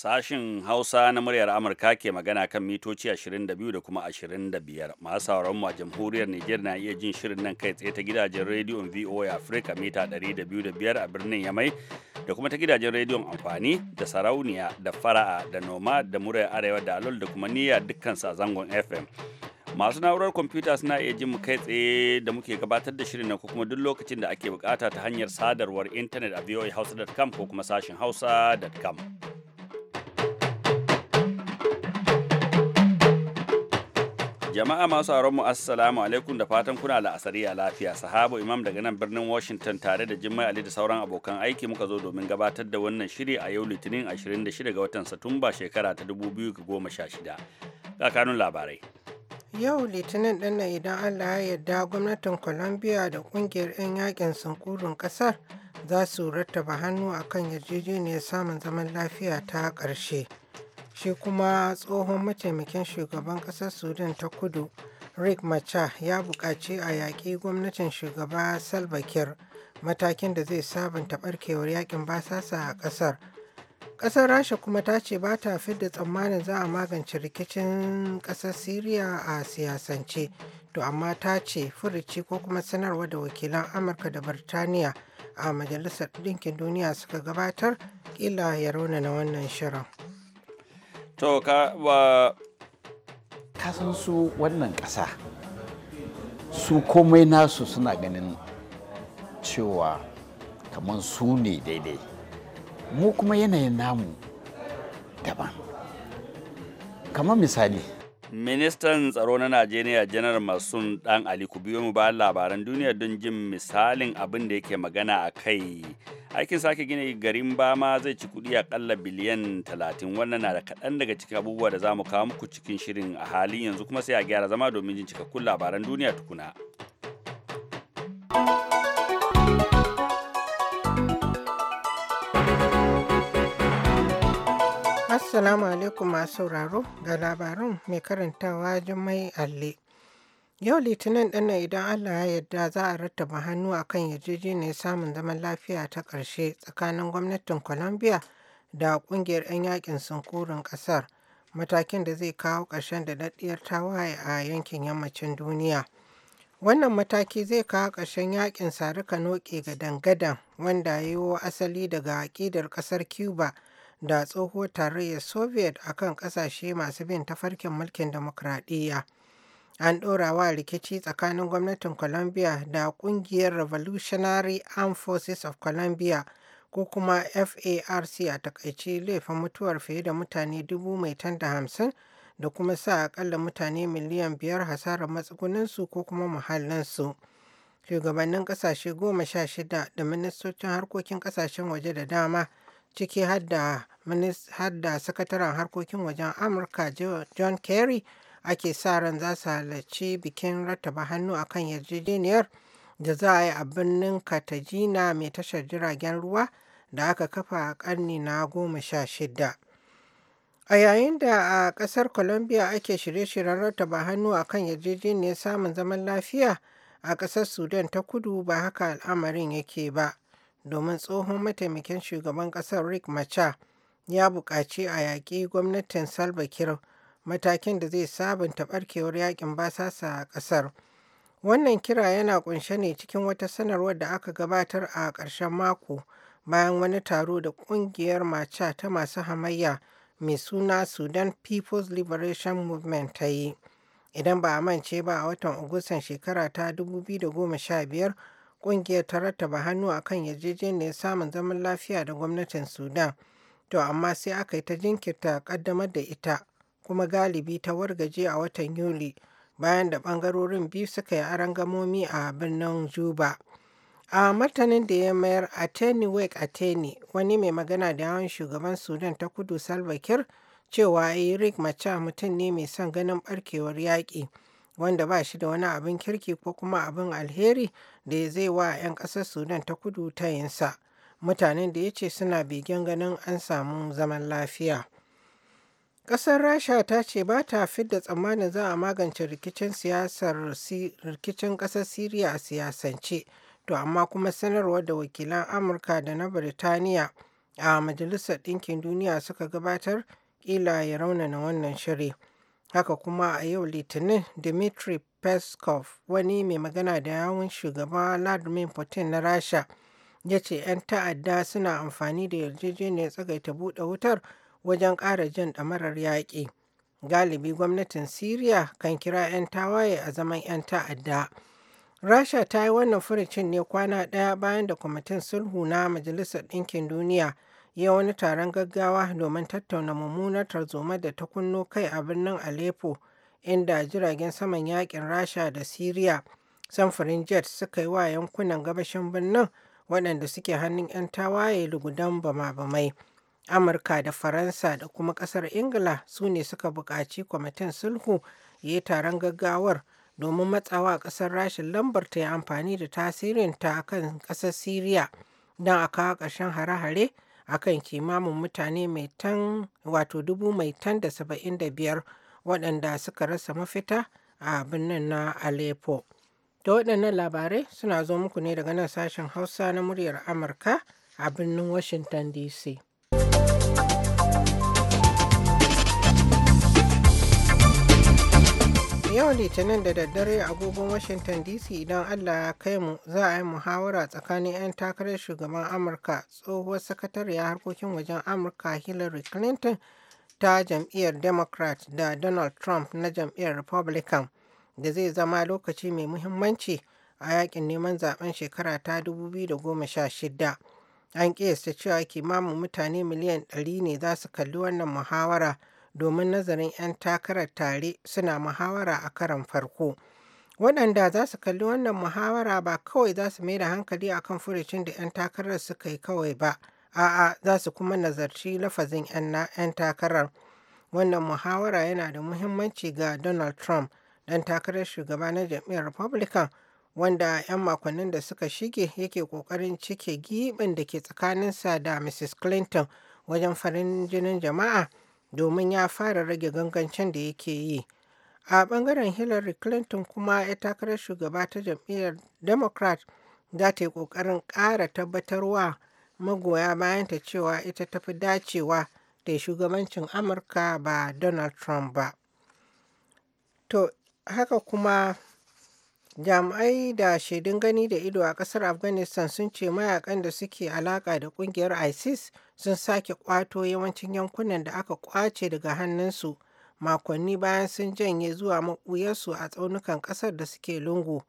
Sashin Hausa na muryar Amurka ke magana kan mitoci 22 da kuma 25. Masu sauran mu a jamhuriyar Nijar na iya jin shirin nan kai tsaye ta gidajen rediyon VOA Africa mita 205 a birnin Yamai da kuma ta gidajen rediyon amfani da sarauniya da fara'a da noma da muryar arewa da alol da kuma niyya dukkan sa zangon FM. masu na'urar kwamfuta suna iya jin mu kai tsaye da muke gabatar da shirin ko kuma duk lokacin da ake bukata ta hanyar sadarwar intanet a voahausa.com ko kuma sashin hausa.com. Jama'a masu mu assalamu alaikum da fatan kuna la'asari a lafiya. Sahabo Imam daga nan birnin Washington tare da Jimmai Ali da sauran abokan aiki muka zo domin gabatar da wannan shiri a yau Litinin 26 ga watan Satumba shekara ta 2016. Kakanun labarai. Yau Litinin din nan idan Allah ya yarda gwamnatin Colombia da kungiyar 'yan yakin sunkurin kasar za su rattaba hannu akan yarjejeniyar samun zaman lafiya ta karshe. shi kuma tsohon mataimakin shugaban ƙasar sudan ta kudu rick macha ya buƙaci a yaƙi gwamnatin shugaba salva kiir matakin da zai sabunta barkewar yakin basasa a ƙasar ƙasar rasha kuma ta ce ba ta fidda tsammanin za a magance rikicin ƙasar syria a siyasance to amma ta ce furuci ko kuma sanarwa da wakilan amurka da birtaniya a majalisar ɗinkin duniya suka gabatar ƙila ya rauna na wannan shirin to ka ba san su wannan ƙasa su komai nasu suna ganin cewa kamar su ne daidai mu kuma yanayin namu daban kamar misali ministan tsaro na najeriya janar masun dan ali ku biyo mu bayan labaran duniya don jin misalin abin da yake magana a kai aikin sake gina garin bama zai ci kuɗi aƙalla biliyan 30 wannan na da kaɗan daga cikin abubuwa da za mu kawo muku cikin shirin a halin yanzu kuma sai a gyara zama domin jin cikakkun labaran duniya tukuna. Assalamu alaikum masu sauraro ga labarin mai karantawa jimai alli. Yau Litinin ɗin idan Allah ya yarda za a rattaba hannu a kan yarjejeniyar samun zaman lafiya ta ƙarshe tsakanin gwamnatin Colombia da ƙungiyar 'yan yakin sunkurin ƙasar, matakin da zai kawo ƙarshen daɗaɗɗiyar tawaye a yankin yammacin duniya. Wannan mataki zai kawo ƙarshen yakin sarika noƙe ga dangadan wanda ya yiwo asali daga aƙidar ƙasar Cuba da tsohuwar tarayyar Soviet a kan ƙasashe masu bin tafarkin mulkin dimokuraɗiyya. an ɗora wa rikici tsakanin gwamnatin colombia da ƙungiyar revolutionary armed forces of colombia ko kuma farc a takaice laifin mutuwar fiye da mutane dubu mai da hamsin da kuma sa akalla mutane miliyan biyar hasarar matsugunansu ko kuma muhallinsu shugabannin ƙasashe goma sha shida da ministocin harkokin kasashen waje da dama ciki har sakataren harkokin wajen amurka john kerry ake sa ran za su halarci bikin rattaba hannu a kan yarjejeniyar da za a yi a birnin katajina mai tashar jiragen ruwa da aka kafa a karni na goma sha shida a yayin da a ƙasar colombia ake shirye-shiryen rattaba hannu a kan yarjejeniyar samun zaman lafiya a ƙasar sudan ta kudu ba haka al'amarin yake ba domin tsohon mataimakin shugaban ƙasar rick macha ya buƙaci a yaƙi gwamnatin salva kiir matakin da zai sabunta barkewar yakin basasa a kasar. Wannan kira yana kunshe ne cikin wata sanarwar da aka gabatar a ƙarshen mako bayan wani taro da ƙungiyar maca ta masu hamayya mai suna Sudan People's Liberation Movement ta yi. Idan ba a mance ba a watan Agustan shekara ta 2015 ƙungiyar ta rattaba hannu a kan yarjejeniyar samun zaman lafiya da gwamnatin Sudan. To amma sai aka yi ta jinkirta ƙaddamar da ita kuma galibi ta wargaje a watan Yuli bayan da bangarorin biyu suka yi arangamomi a birnin Juba. A martanin da ya mayar Ateni a Ateni wani mai magana da yawon shugaban Sudan ta kudu Salva Kiir cewa Eric Macha mutum ne mai son ganin barkewar yaƙi wanda ba shi da wani abin kirki ko kuma abin alheri da zai wa 'yan ƙasar Sudan ta kudu ta yinsa. Mutanen da ya ce suna begen ganin an samu zaman lafiya. Ƙasar Rasha ta ce ba ta fidda tsammanin za a magance rikicin siyasar rikicin ƙasar Siriya a siyasance, to amma kuma sanarwar da wakilan Amurka da na Birtaniya a Majalisar Ɗinkin Duniya suka gabatar ƙila ya raunana wannan shiri. Haka kuma a yau Litinin Dmitry Peskov wani mai magana da yawun shugaba Vladimir Putin na Rasha ya ce 'yan ta'adda suna amfani da yarjejeniyar tsagaita buɗe wutar wajen ƙara jan ɗamarar yaƙi. Galibi gwamnatin Siriya kan kira 'yan tawaye a zaman 'yan ta'adda. Rasha ta yi wannan furucin ne kwana ɗaya bayan da kwamitin sulhu na Majalisar Ɗinkin Duniya ya wani taron gaggawa domin tattauna mummunar tarzoma da ta kunno kai a birnin Aleppo inda jiragen saman yakin Rasha da Siriya samfurin jet suka yi wa yankunan gabashin birnin waɗanda suke hannun 'yan tawaye lugudan bama-bamai. amurka da faransa da kuma ƙasar ingila su ne suka buƙaci kwamitin sulhu ya yi taron gaggawar domin matsawa ƙasar rashin lambar ta yi amfani da tasirinta kan ƙasar siriya don a kawo ƙarshen hare-hare a kan kimamin mutane mai tan wato dubu mai tan da saba'in da biyar waɗanda suka rasa mafita a birnin na Aleppo. Da waɗannan labarai suna zo muku ne daga nan sashen Hausa na muryar Amurka a birnin Washington DC. Yau Litinin da daddare agogon Washington DC idan Allah ya kai mu za a yi muhawara tsakanin 'yan takarar shugaban Amurka tsohuwar sakatariya harkokin wajen Amurka Hillary Clinton ta jam'iyyar Democrat da Donald Trump na jam'iyyar Republican da zai zama lokaci mai muhimmanci a yakin neman zaben shekara ta 2016. An kiyasta cewa kimanin mutane miliyan 100 ne za su kalli wannan muhawara. domin nazarin 'yan takarar tare suna muhawara a karan farko. Waɗanda za su kalli wannan muhawara ba kawai za su mai da hankali a kan furucin da 'yan takarar suka yi kawai ba, a'a za su kuma nazarci lafazin 'yan takarar. Wannan muhawara yana da muhimmanci ga Donald Trump, ɗan takarar shugaba na jam'iyyar Republican, wanda 'yan makonnin da suka shige yake ƙoƙarin cike giɓin da ke tsakaninsa da Mrs. Clinton wajen farin jinin jama'a domin ya fara rage gangancin da yake yi a bangaren hillary clinton kuma ya takarar shugaba ta jam'iyyar democrat za ta yi kokarin ƙara tabbatarwa magoya bayan ta cewa ita tafi dacewa da shugabancin amurka ba donald trump ba to haka kuma jami'ai da shaidun gani da ido a kasar afghanistan sun ce mayakan da suke alaka da kungiyar isis sun sake kwato yawancin yankunan da aka kwace daga hannunsu makonni bayan sun janye zuwa maƙuyarsu a tsaunukan kasar da suke lungu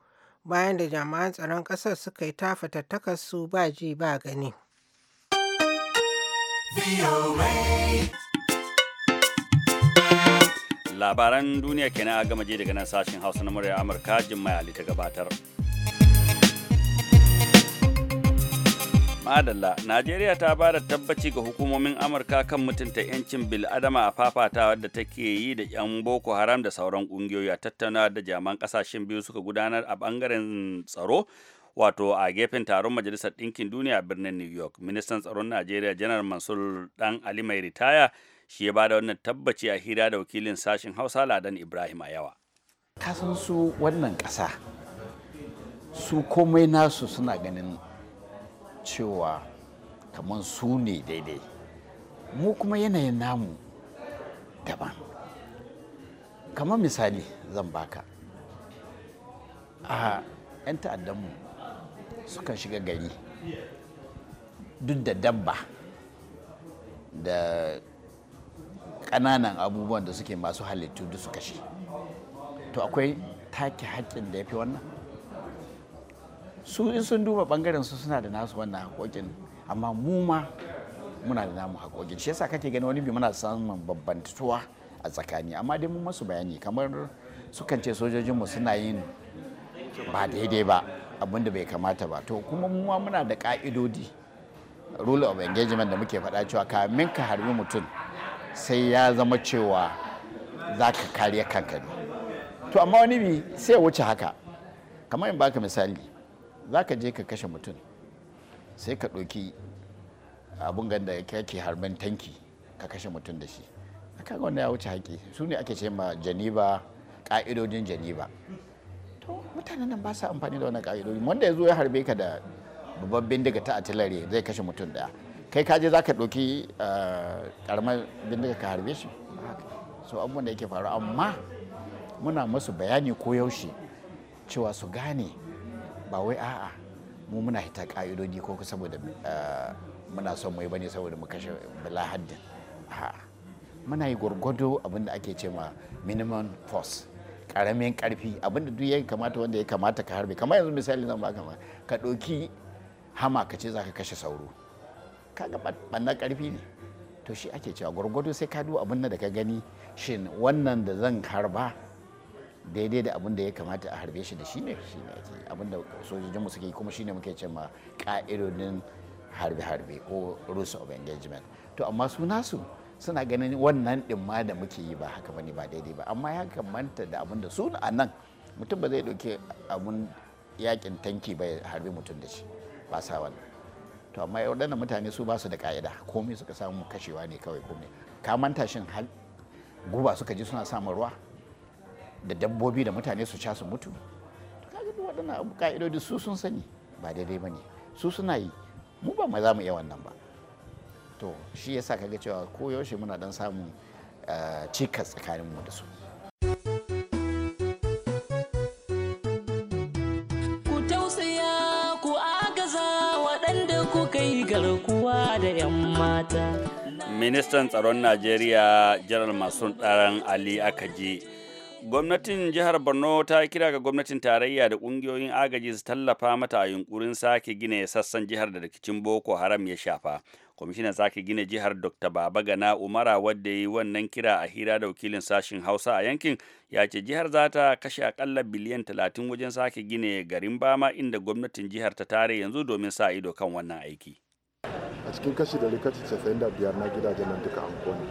bayan da jami'an tsaron kasar suka yi tafa tattakarsu ba ji ba gani. labaran duniya kenan a gama je daga nan sashen hausa na murya amurka mai ali ta gabatar madalla najeriya ta ba da tabbaci ga hukumomin amurka kan mutunta 'yancin bil'adama a fafatawa da take yi da 'yan boko haram da sauran ƙungiyoyi a tattaunawa da jaman ƙasashen biyu suka gudanar a ɓangaren tsaro wato a gefen taron majalisar ɗinkin duniya a birnin new york ministan tsaron najeriya janar mansur dan ali mai ritaya shi ya bada wannan tabbaci a hira da wakilin sashen hausa ladan ibrahim a yawa kasan su wannan ƙasa su komai nasu suna ganin cewa kamar su ne daidai mu kuma yanayin namu daban kamar misali zan baka a 'yan ta'addanmu sukan shiga gari duk da dabba da kananan abubuwan da suke masu halittu da su kashe to akwai take haƙƙin da ya fi wannan su in sun duba bangaren su suna da nasu wannan haƙoƙin amma mu ma muna da namu haƙoƙin shi yasa kake gani wani bi muna samun babbantuwa a tsakani amma dai mun masu bayani kamar sukan ce sojojin mu suna yin ba daidai ba abin da bai kamata ba to kuma mu ma muna da ƙa'idodi rule of engagement da muke faɗa cewa kamin ka harbi mutum sai ya zama cewa za ka kariya kanka ne to amma wani bi sai wuce haka kamar in baka misali za ka je ka kashe mutum sai ka ɗauki abun ganda yake harban tanki ka kashe mutum da shi aka ga wanda ya wuce haƙi su ne ake ce ma janiba ƙa'idodin janiba to mutanen nan ba sa amfani da wannan ƙa'idodin wanda ya zo ya harbe ka da babban bindiga ta atilare zai kashe mutum daya. kai kaje za ka ɗauki eh, ƙaramar bindiga ka harbe shi so abubuwan da yake faru amma muna masu bayani ko yaushe cewa su gane ba wai a'a mu muna hita ka'idodi ko saboda eh, muna son mu yi bane saboda mu kashe lahaddin a'a muna yi gwargwado abin da ake ce ma minimum force karamin karfi abin da duk ya kamata wanda ya kamata ka harbe kamar yanzu misali zan baka ka ɗauki hama ka ce za ka kashe sauro kaga banna karfi ne to shi ake cewa gwargwado sai ka duba abin da ka gani shin wannan da zan harba daidai da abin da ya kamata a harbe shi da shi ne shi ne ake abin da sojojinmu suke yi kuma shi ne muke ce ma ka'idodin harbe-harbe ko rules of engagement to amma su nasu suna ganin wannan din ma da muke yi ba haka bane ba daidai ba amma ya kamanta da abin da su a nan mutum ba zai dauke abun yakin tanki ba harbe mutum da shi ba sa wannan to amma waɗannan mutane su ba da ka'ida komai suka samu kashewa ne kawai komai ka manta shin guba suka ji suna samun ruwa da dabbobi da mutane su ca su mutu kaga duk waɗannan abu ka'idodi su sun sani ba daidai ba ne su suna yi mu ba ma za mu iya wannan ba to shi yasa kaga cewa koyaushe muna dan samun eh, cikas tsakaninmu da su mata ministan tsaron najeriya janar masu ɗaran ali akaji gwamnatin jihar borno ta kira ga gwamnatin tarayya da ƙungiyoyin agaji su tallafa mata a yunkurin sake gina sassan jihar da rikicin boko haram ya shafa kwamishinan sake gina jihar dr Babagana gana umara wadda yi wannan kira a hira da wakilin sashen hausa a yankin ya ce jihar za ta kashe akalla biliyan talatin wajen sake gina garin bama inda gwamnatin jihar ta tare yanzu domin sa ido kan wannan aiki a cikin kashi da likaci 95 na gidajen nan duka an kone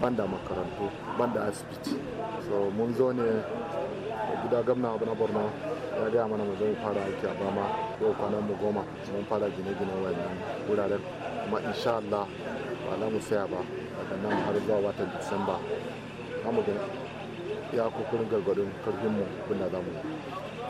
banda makarantu banda asibiti so mun zo ne gida gamna abu na borno ya gaya mana mu zo mu fara aiki a bama yau kwanan mu goma mun fara gine-gine wayannan wuraren kuma insha Allah ba za mu saya ba daga nan har zuwa watan disamba za ya kukurin gargadin karfin mu abinda za mu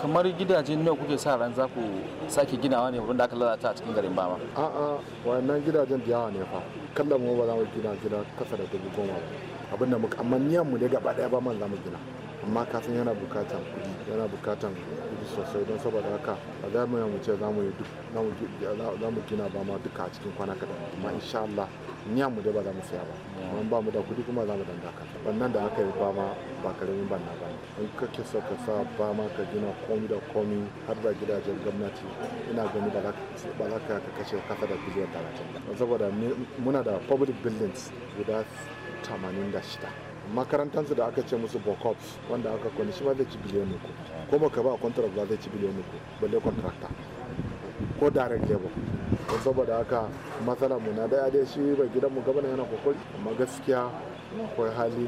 kamar gidaje nawa kuke sa ran za ku sake ginawa ne wurin aka lalata a cikin garin bama a'a wannan gidajen da yawa ne fa kallon mu ba za mu gina gida kasa da dubu goma ba abinda mu amma niyan mu ne gaba daya ba mu za mu gina amma kasan yana bukatan kuɗi yana bukatan sosai don saboda haka ba za mu mu ce za mu gina ba ma duka a cikin kwana kaɗan amma insha Allah niyan mu dai ba za mu saya ba amma ba mu da kuɗi kuma za mu ka wannan da aka yi ba ma ba karamin ban na ba in kake so ka sa ba ma ka gina komi da komi har da gidajen gwamnati ina gani ba za ka kashe kasa da biliyan talatin saboda muna da public buildings guda 86 makarantansu da aka ce musu bokops wanda aka kwani shi ba zai ci biliyan uku ko maka ba contract ba zai ci biliyan uku balle contractor ko direct labor don saboda haka matsala mu na daya dai shi bai mu gabanin yana kokari amma gaskiya akwai hali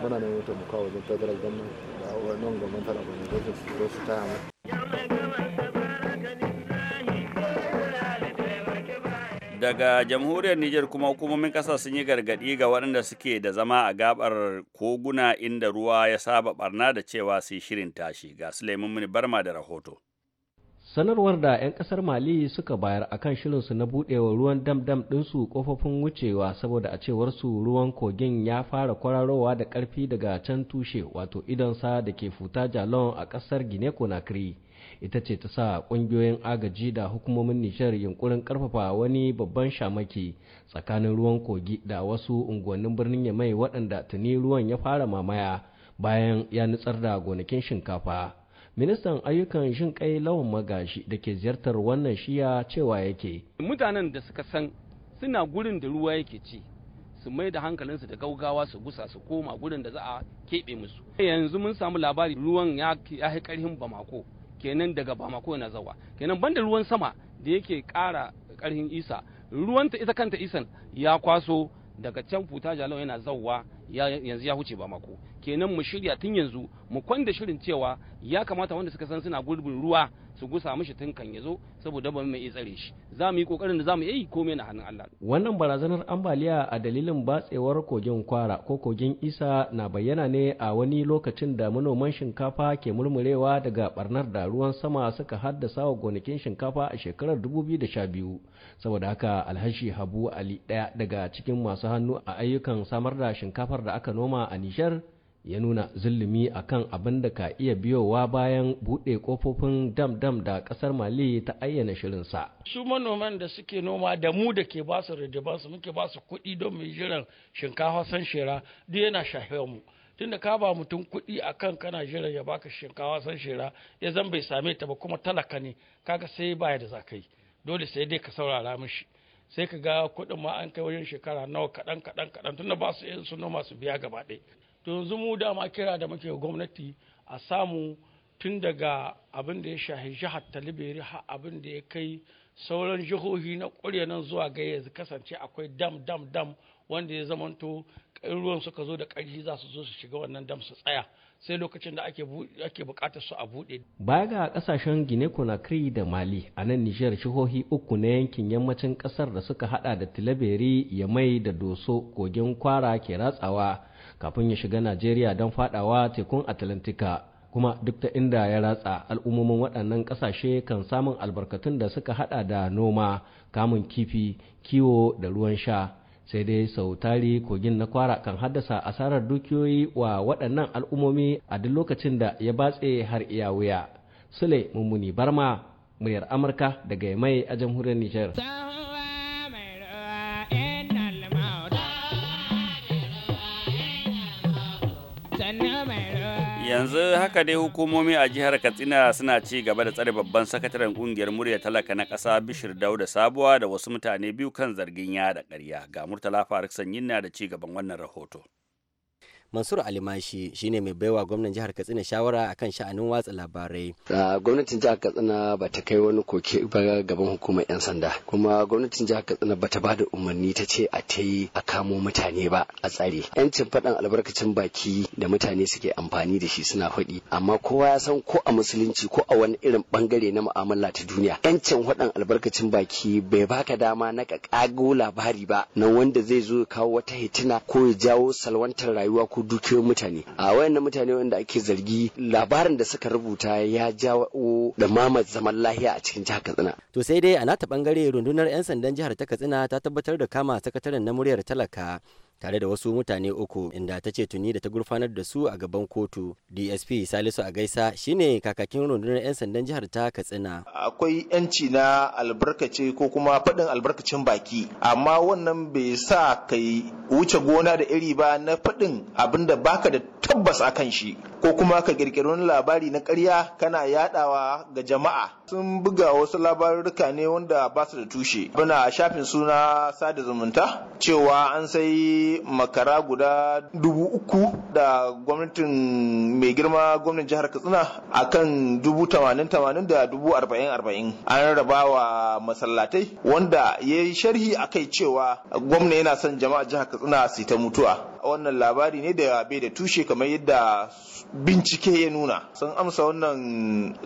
muna neman taimaka wajen federal gwamnati da wannan gwamnati da gwamnati su taya mu daga jamhuriyar Nijar kuma hukumomin kasa sun yi gargaɗi ga waɗanda suke da zama a gabar koguna inda ruwa ya saba barna da cewa su shirin tashi ga Suleiman Muni Barma da rahoto. Sanarwar da 'yan ƙasar Mali suka bayar a kan shirinsu na buɗewa ruwan dam-dam ɗinsu kofofin wucewa saboda a cewar su ruwan kogin ya fara kwararowa da karfi daga can tushe wato idonsa da ke futa jalon a ƙasar Guinea Conakry. ita ce ta sa ƙungiyoyin agaji da hukumomin nishar yunkurin karfafa wani babban shamaki tsakanin ruwan kogi da wasu unguwannin birnin yamai waɗanda tuni ruwan ya fara mamaya bayan ya nutsar da gonakin shinkafa ministan ayyukan shin kai lawan magashi da ke ziyartar wannan shiya cewa yake mutanen da suka san suna gurin da ruwa yake ci su mai da hankalinsu da gaugawa su gusa su koma gurin da za a keɓe musu yanzu mun samu labari ruwan ya yi karhin bamako kenan daga bamako yana zawa kenan banda ruwan sama da yake ƙara ƙarfin isa ruwanta ita kanta isan ya kwaso daga can futa jalau yana zawa yanzu ya huce bamako kenan mu shirya tun yanzu mu kwanda shirin cewa ya kamata wanda suka san suna gurbin ruwa su gusa mishi tun kan ya saboda ba mai tsare shi za mu yi kokarin da za mu yi komai na hannun Allah wannan barazanar ambaliya a dalilin batsewar kogin kwara ko kogin isa na bayyana ne a wani lokacin da manoman shinkafa ke murmurewa daga barnar da ruwan sama suka haddasa wa gonakin shinkafa a shekarar 2012 saboda haka alhashi habu ali daya daga cikin masu hannu a ayyukan samar da shinkafar da aka noma a nishar ya nuna zulumi akan abin da ka iya biyowa bayan buɗe ƙofofin dam-dam da ƙasar mali ta ayyana shirinsa. su manoman da suke noma da mu da ke ba su su muke ba su kuɗi don mai jiran shinkafa san shera duk yana shafiyar mu tunda ka ba mutum kuɗi a kan kana jiran ya baka shinkafa san shera ya zan bai same ta ba kuma talaka ne kaga sai baya da zakai dole sai dai ka saurara mishi sai ka ga kuɗin ma an kai wajen shekara nawa kaɗan kaɗan kaɗan tunda ba su yin su noma su biya gaba ɗaya to yanzu mu dama kira da muke gwamnati a samu tun daga abin da ya shahi jihar talibiri har abin da ya kai sauran jihohi na ƙurya nan zuwa ga yanzu kasance akwai dam dam dam wanda ya zamanto ruwan suka zo da ƙarfi za su zo su shiga wannan dam su tsaya sai lokacin da ake buƙatar su a buɗe. baya ga ƙasashen gine conakry da mali a nan nijar jihohi uku na yankin yammacin ƙasar da suka hada da tilaberi yamai da doso kogin kwara ke ratsawa kafin ya shiga Najeriya don fadawa tekun Atlantika kuma duk ta inda ya ratsa al'ummomin waɗannan ƙasashe kan samun albarkatun da suka haɗa da noma kamun kifi kiwo da ruwan sha sai dai sau tari kogin na kwara kan haddasa asarar dukiyoyi wa waɗannan al'ummomi a duk lokacin da ya batse har iya wuya sule mummuni barma muryar amurka daga mai a jamhuriyar nijar yanzu haka dai hukumomi a jihar katsina suna ci gaba da tsare babban sakataren kungiyar murya talaka na ƙasa bishir dauda sabuwa da wasu mutane biyu kan zargin yada ƙarya ga murtala faruk sanyin na da ci gaban wannan rahoto mansur alimashi shine mai baiwa gwamnan jihar katsina shawara akan sha'anin watsa labarai gwamnatin jihar katsina ba ta kai wani koke ba gaban hukumar yan sanda kuma gwamnatin jihar katsina ba ta ba da umarni ta ce a ta yi a kamo mutane ba a tsare yancin faɗan albarkacin baki da mutane suke amfani da shi suna faɗi amma kowa ya san ko a musulunci ko a wani irin bangare na mu'amala ta duniya yancin faɗan albarkacin baki bai baka dama na ka kago labari ba na wanda zai zo ya kawo wata hitina ko ya jawo salwantar rayuwa ko dukiyoyin mutane a wayannan mutane wanda ake zargi labarin da suka rubuta ya jawo da mama zaman lahiya a cikin jihar katsina to sai dai a nata bangare rundunar 'yan sandan jihar ta katsina ta tabbatar da kama sakataren na muryar talaka tare da wasu mutane uku inda ta ce tuni da ta gurfanar da su a gaban kotu dsp salisu a gaisa shine kakakin rundunar 'yan sandan jihar ta katsina akwai yanci na albarkace ko kuma faɗin albarkacin baki amma wannan bai sa kai wuce gona da iri ba na faɗin abinda baka da tabbas a kan shi ko kuma ka kirkiri wani labari na ƙarya kana yadawa ga jama'a sun buga wasu labarurruka ne wanda ba su da tushe bana shafin suna sada zumunta cewa an sai makara guda dubu uku da gwamnatin mai girma gwamnan jihar katsina a kan dubu tamanin tamanin da dubu arba'in arba'in an raba wa masallatai wanda ya yi sharhi a kai cewa gwamna yana son jama'a jihar katsina su ta mutuwa wannan labari ne da bai da tushe kamar yadda bincike ya nuna sun amsa wannan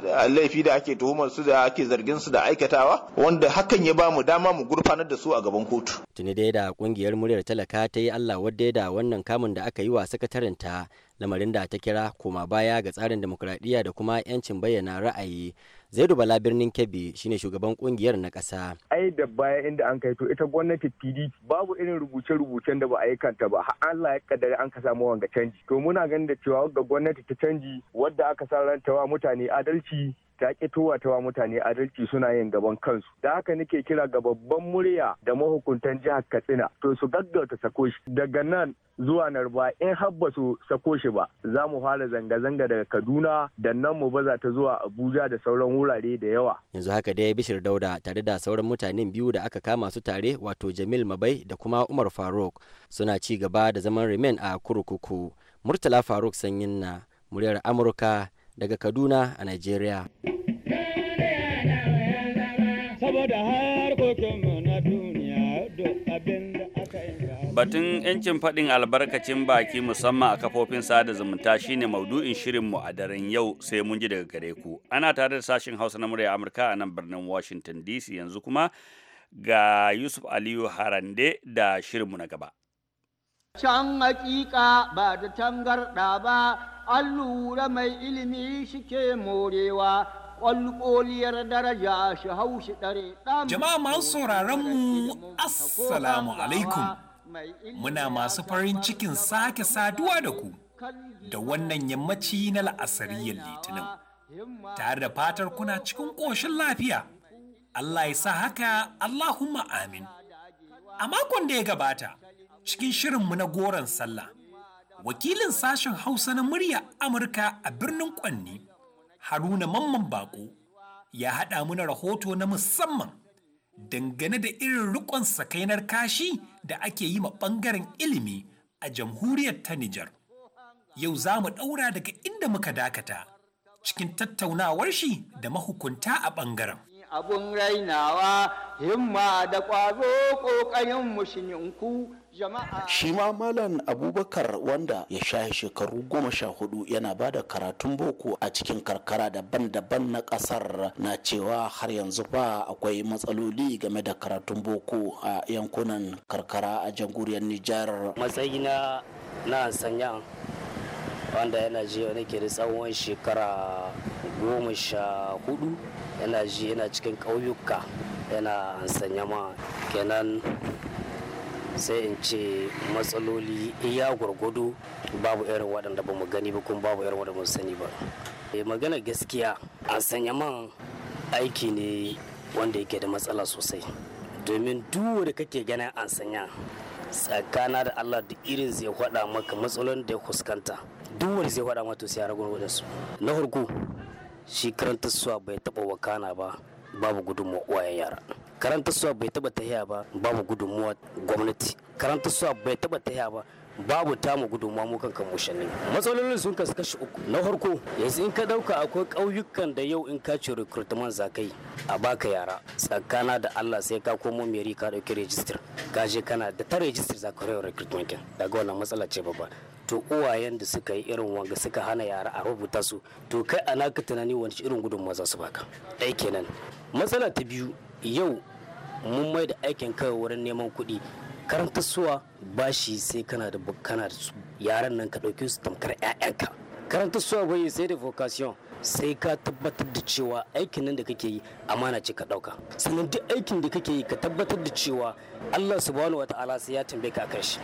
eh, laifi da ake tuhumar su da ake zargin su da aikatawa wanda hakan ya bamu dama mu gurfanar da su a gaban kotu tuni dai da kungiyar muryar talaka ta yi Allah wadda da wannan kamun da aka yi wa sakataren ta lamarin da ta kira koma baya ga tsarin demokuraɗiyya da kuma 'yancin bayyana ra'ayi zai bala birnin kebbi shine shugaban kungiyar na ƙasa. ai da baya inda an kai to ita gwamnati pdp babu irin rubuce-rubucen da ba a yi kanta ba har allah ya kaddare an ka samu wanga canji to muna ganin da cewa ga gwamnati ta canji wadda aka sa ranta wa mutane adalci ta ƙi wa mutane adalci suna yin gaban kansu da haka nake kira ga babban murya da mahukuntan jihar katsina to su gaggauta sako shi daga nan zuwa narba in ba su sako shi ba za mu fara zanga-zanga daga kaduna da nan mu baza ta zuwa abuja da sauran wurare da yawa yanzu haka dai bishir dauda tare da sauran mutanen biyu da aka kama su tare wato jamil mabai da kuma umar faruk suna ci gaba da zaman remain a kurkuku murtala faruk sanyin na muryar amurka daga Kaduna a Najeriya. Batun 'yancin faɗin albarkacin baki musamman a kafofin sada zumunta shine maudu'in shirinmu a daren yau sai mun ji daga gare ku. Ana tare da sashen Hausa na murya Amurka a nan birnin Washington DC yanzu kuma ga Yusuf Aliyu Harande da shirinmu na gaba. Can hakika ba da tangarɗa ba an lura mai ilimi shi ke morewa ƙwalƙoliyar daraja shi haushi shi ɗare ɗan jama'a masu sauraron mu assalamu alaikum muna masu farin cikin sake saduwa da ku da wannan yammaci na la'asariyar litinin tare da fatar kuna cikin ƙoshin lafiya Allah ya sa haka Allahumma amin a makon da ya gabata cikin shirinmu na goron sallah wakilin sashen hausa na murya amurka a birnin kwanni haruna mamman bako ya haɗa mana rahoto na musamman dangane da irin rikon sakainar kashi da ake yi ma ɓangaren ilimi a jamhuriyar ta nijar yau za mu ɗaura daga inda muka dakata cikin tattaunawar shi da mahukunta a ɓangaren abun rainawa himma da ƙwazo ƙoƙarin mushininku shi malam abubakar wanda ya shahe shekaru goma sha hudu yana ba da karatun boko a cikin karkara daban-daban na kasar na cewa har yanzu ba akwai matsaloli game da karatun boko a yankunan karkara a jamhuriyar nijar matsayi na sanya wanda yana ji wani ke da tsawon shekara goma sha hudu yana ji yana cikin ƙauyuka yana sanya ma kenan sai in ce matsaloli iya gwargwado babu irin waɗanda ba mu gani ba kuma babu irin waɗanda ba sani ba e magana gaskiya a sanya man aiki ne wanda yake da matsala sosai domin duk da kake ganin an sanya tsakana da Allah da irin zai faɗa maka matsalolin da ya fuskanta duk zai faɗa mata sai ya ragu su na farko shi karanta suwa bai taɓa wakana ba babu gudunmawa uwayen yara karanta suwa bai taba tahiya ba babu gudunmuwa gwamnati karanta suwa bai taba tahiya ba babu tamu gudunmuwa mu kan kanmu matsalolin sun kasu kashi uku na farko yanzu in ka dauka akwai ƙauyukan da yau in ka ce recruitment zakai a baka yara tsakana da Allah sai ka komo meri ka dauki register ka je kana da ta register za ka rayu recruitment kin daga wannan matsala ce babba to uwayen da suka yi irin wanga suka hana yara a rubuta su to kai ana ka tunani wani irin gudunmuwa za su baka ɗai kenan matsala ta biyu yau mun mai da aikin kai wurin neman kuɗi karanta suwa ba shi sai kana da bukana da su yaran nan ka ɗauki su tamkar 'ya'yanka karanta suwa bai sai da vocation sai ka tabbatar da cewa aikin nan da kake yi amana ce ka ɗauka sannan duk aikin da kake yi ka tabbatar da cewa Allah subhanahu wataala sai ya tambaye ka kan shi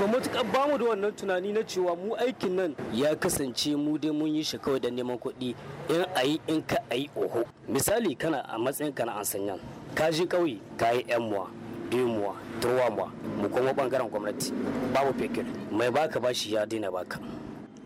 to matuƙar ba mu da wannan tunani na cewa mu aikin nan ya kasance mu dai mun yi shi kawai da neman kuɗi in a yi in ka a yi oho misali kana a matsayin kana an sanya ka je ƙauye ka yi yan muwa biyu muwa turwa muwa mu kuma ɓangaren gwamnati babu fekir mai baka bashi ya daina baka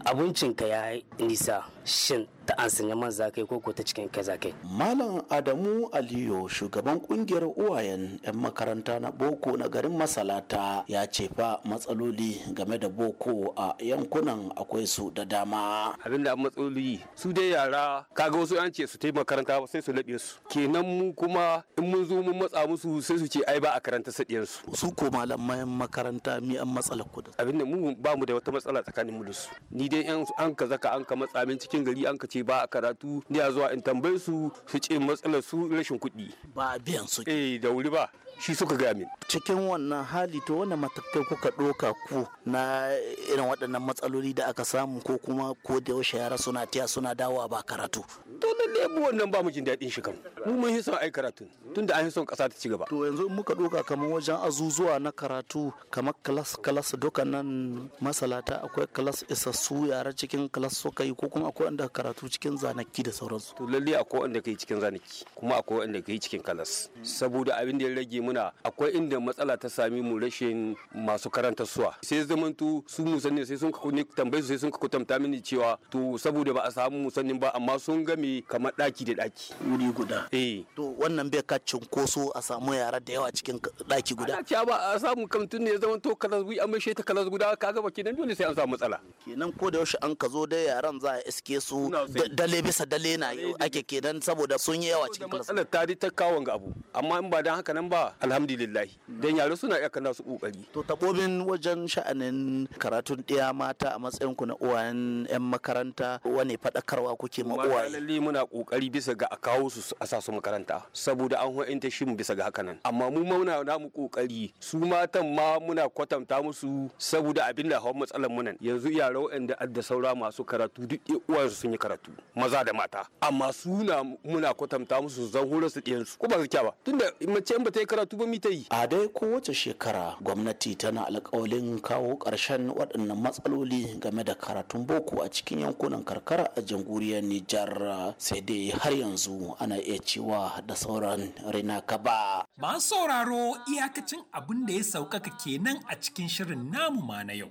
abincinka ya nisa shin ta an sanya man zakai ko ko ta cikin kai zakai. Malam Adamu Aliyu shugaban kungiyar uwayen 'yan makaranta na boko na garin Masalata ya ce fa matsaloli game da boko a yankunan akwai su da dama. Abin da matsaloli su dai yara kaga wasu an ce su ta makaranta sai su laɓe su. Kenan mu kuma in mun zo mun matsa musu sai su ce ai ba a karanta su su. Su ko malamayan makaranta mi an matsala ku da. Abin da mu ba mu da wata matsala tsakanin mu da su. Ni dai an ka zaka an ka matsa min ciki cikin gari an ka ce ba a karatu ni a zuwa in tambaye su su ce matsalar su rashin kuɗi ba biyan su eh da wuri ba shi suka gaya min cikin wannan hali to wannan matakai kuka ɗoka ku na irin waɗannan matsaloli da aka samu ko kuma ko da yaushe yara suna tiya suna dawowa ba karatu to lalle mu wannan ba mu jin daɗin shi kan mu mun yi son ai karatu tunda an yi son ƙasa ta ci gaba to yanzu muka ɗoka kamar wajen azuzuwa na karatu kamar kalas kalas duka nan masalata akwai kalas isassu yara cikin kalas suka yi ko kuma akwai wanda karatu cikin zanaki da sauransu to lalle akwai wanda kai cikin zanaki kuma akwai wanda kai cikin kalas saboda abin da ya rage muna akwai inda matsala ta sami mu rashin masu karanta suwa sai zamantu su musanni sai sun tambaye su sai sun tamta mini cewa to saboda ba a samu musannin ba amma sun game kamar daki da daki wuri guda eh to wannan bai ka cinkoso a samu yara da yawa cikin daki guda ana ba a samu kamtun ne zaman to kalas gui an mishe ta kalas guda kaga ba kenan dole sai an samu matsala kenan ko da yaushe an ka zo da yaran za a iske su dale bisa dale na ake kenan saboda sun yi yawa cikin kalas matsalar ta ta kawon ga abu amma in ba dan haka nan ba alhamdulillah dan yare suna iya kana su kokari to tabobin wajen sha'anin karatun ɗaya mata a matsayin ku na uwayen yan makaranta wane faɗakarwa kuke ma uwaye lalle muna kokari bisa ga a kawo su a sa su makaranta saboda an ta shi mu bisa ga hakan nan amma mu muna namu kokari su matan ma muna kwatanta musu saboda abin da hawan matsalan mu nan yanzu yara wanda adda saura masu karatu duk uwansu sun yi karatu maza da mata amma suna muna kwatanta musu zan hura su ɗiyansu ko ba su kyawa tunda mace in ba ta yi karatu karatu ba yi a dai kowace shekara gwamnati tana alƙawalin kawo ƙarshen waɗannan matsaloli game da karatun boko a cikin yankunan karkara a jamhuriyar Nijar sai dai har yanzu ana iya cewa da sauran rina kaba Ba sauraro iyakacin abin da ya sauƙaƙa kenan a cikin shirin namu ma na yau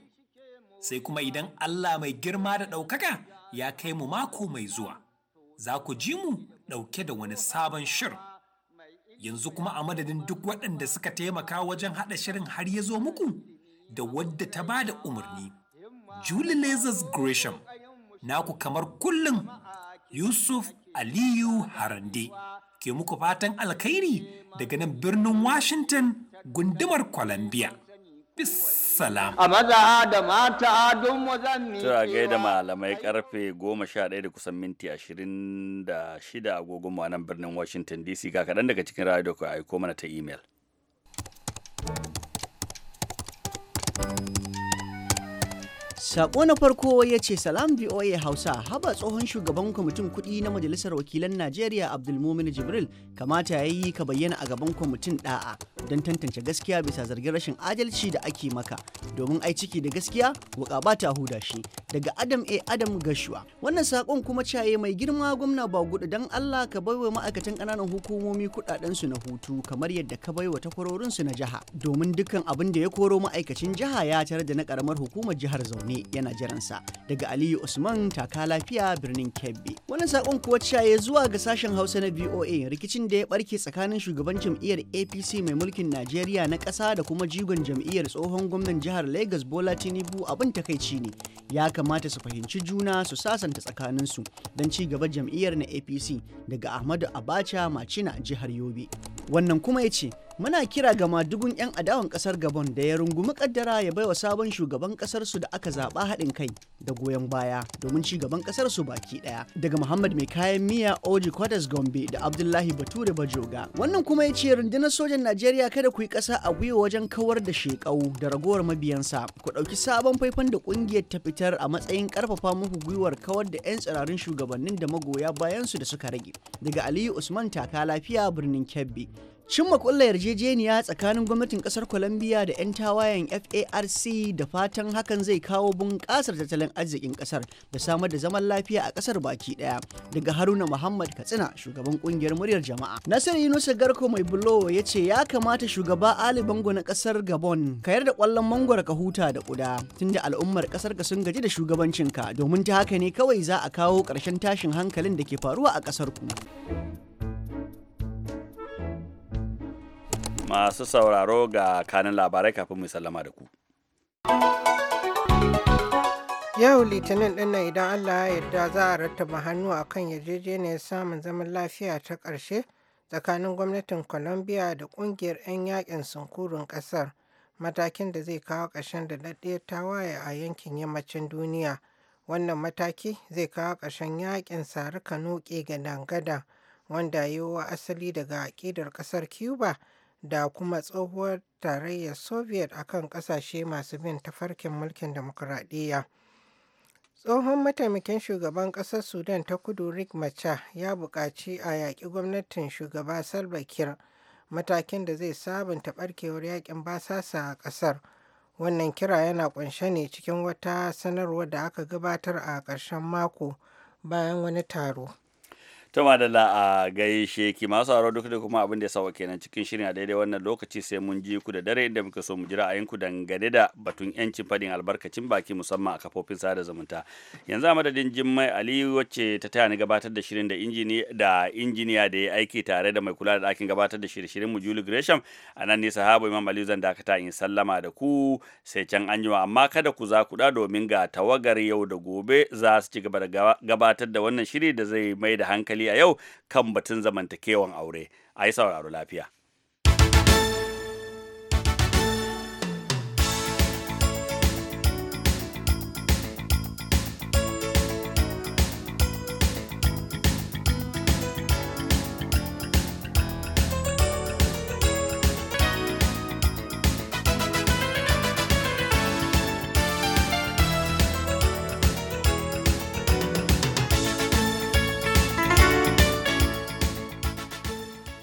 sai kuma idan Allah mai girma da ɗaukaka ya kai mu mako mai zuwa za ku ji mu ɗauke da wani sabon shirin yanzu kuma a madadin duk waɗanda suka taimaka wajen haɗa shirin har ya zo muku da wadda ta ba da umarni. Julie Lazarus Gresham, naku kamar kullum Yusuf Aliyu Harande, ke muku fatan alkhairi daga nan birnin Washington gundumar Columbia. Bissalam. A maza da mata don ne Tura gaida malamai karfe 11 da kusan minti 26 agogon nan birnin Washington DC ga kaɗan daga cikin rayu da ku aiko mana ta imel. Sako na farko ya ce salam VOA Hausa haba tsohon shugaban kwamitin kuɗi na Majalisar Wakilan Najeriya Abdulmumin Jibril kamata ya yi ka bayyana a gaban kwamitin ɗa'a don tantance gaskiya bisa zargin rashin adalci da ake maka domin ai ciki da gaskiya wuƙa ba ta huda shi daga Adam A Adam Gashua, Wannan sakon kuma caye mai girma gwamna ba gudu dan Allah ka bai wa ma'aikatan ƙananan hukumomi kuɗaɗen su na hutu kamar yadda ka baiwa takwarorin su na jiha domin dukkan abin da ya koro ma'aikacin jiha ya tare da na karamar hukumar jihar Zaune yana jiransa daga Aliyu Usman taka lafiya birnin Kebbi. Wannan sakon kuwa caye zuwa ga sashen Hausa na VOA rikicin da ya barke tsakanin shugaban jam'iyyar APC mai mulkin Najeriya na ƙasa da kuma jigon jam'iyyar tsohon gwamnan jihar Lagos Bola Tinubu abin takaici ne. Ya kamata su fahimci juna su sasanta tsakaninsu don ci gaba jam'iyyar na apc daga ahmadu abacha macina jihar yobe wannan kuma ya ce muna kira ga madugun 'yan adawan kasar gabon da ya rungumi kaddara ya baiwa sabon shugaban kasar su da aka zaba haɗin kai da goyon baya domin ci gaban kasar su baki daya daga muhammad mai kayan miya oji kwadas gombe da abdullahi bature bajoga wannan kuma ya ce rundunar sojan najeriya kada ku yi ƙasa a gwiwa wajen kawar da shekau da ragowar mabiyansa ku ɗauki sabon faifan da ƙungiyar ta fitar a matsayin ƙarfafa muku gwiwar kawar da 'yan tsirarin shugabannin da magoya bayansu da suka rage daga aliyu usman taka lafiya birnin kebbi cimma kulla yarjejeniya tsakanin gwamnatin kasar colombia da 'yan tawayen farc da fatan hakan zai kawo bunƙasar tattalin arzikin kasar da samar da zaman lafiya a kasar baki ɗaya daga haruna muhammad katsina shugaban ƙungiyar muryar jama'a Nasir yunusa garko mai bulo ya ce ya kamata shugaba ali bango na kasar gabon ka yarda kwallon mangwar ka huta da ƙuda, tunda al'ummar kasar ka sun gaji da shugabancinka domin ta haka ne kawai za a kawo ƙarshen tashin hankalin da ke faruwa a kasar ku masu sauraro ga kanin labarai kafin mu sallama da ku yau litinin ɗinnan idan allah ya yarda za a rattaba hannu a kan yarjejeniyar samun zaman lafiya ta ƙarshe tsakanin gwamnatin colombia da ƙungiyar 'yan yaƙin sunkurin ƙasar matakin da zai kawo ƙarshen da daɗe tawaye a yankin yammacin duniya wannan mataki zai kawo ƙarshen yakin sarika ƙe ga dangada wanda yiwuwa asali daga ƙidar ƙasar cuba da kuma tsohuwar tarayyar soviet a kan kasashe masu bin tafarkin mulkin demokuraɗiyya tsohon mataimakin shugaban ƙasar sudan ta kudu rick macha ya buƙaci a yaƙi gwamnatin shugaba salva kiir matakin da zai sabunta ɓarkewar yaƙin basasa a ƙasar wannan kira yana ƙunshe ne cikin wata sanarwar da aka gabatar a ƙarshen mako bayan wani taro to da a gaishe ki masu aro duk da kuma abin da ya sawa kenan cikin shirin a daidai wannan lokaci sai mun ji ku da dare inda muka so mu a ku dangane da batun yancin fadin albarkacin baki musamman a kafofin sada zumunta yanzu a madadin jimmai aliyu wacce ta taya ni gabatar da shirin da injiniya da ya aiki tare da mai kula da ɗakin gabatar da shirye-shiryen mu Julie Gresham a nan ne habu Imam Aliyu zan dakata in sallama da ku sai can anjima amma kada ku za ku domin ga tawagar yau da gobe za su ci gaba da gabatar da wannan shiri da zai mai da hankali a yau kan batun zamantakewan aure. A yi sauraro lafiya.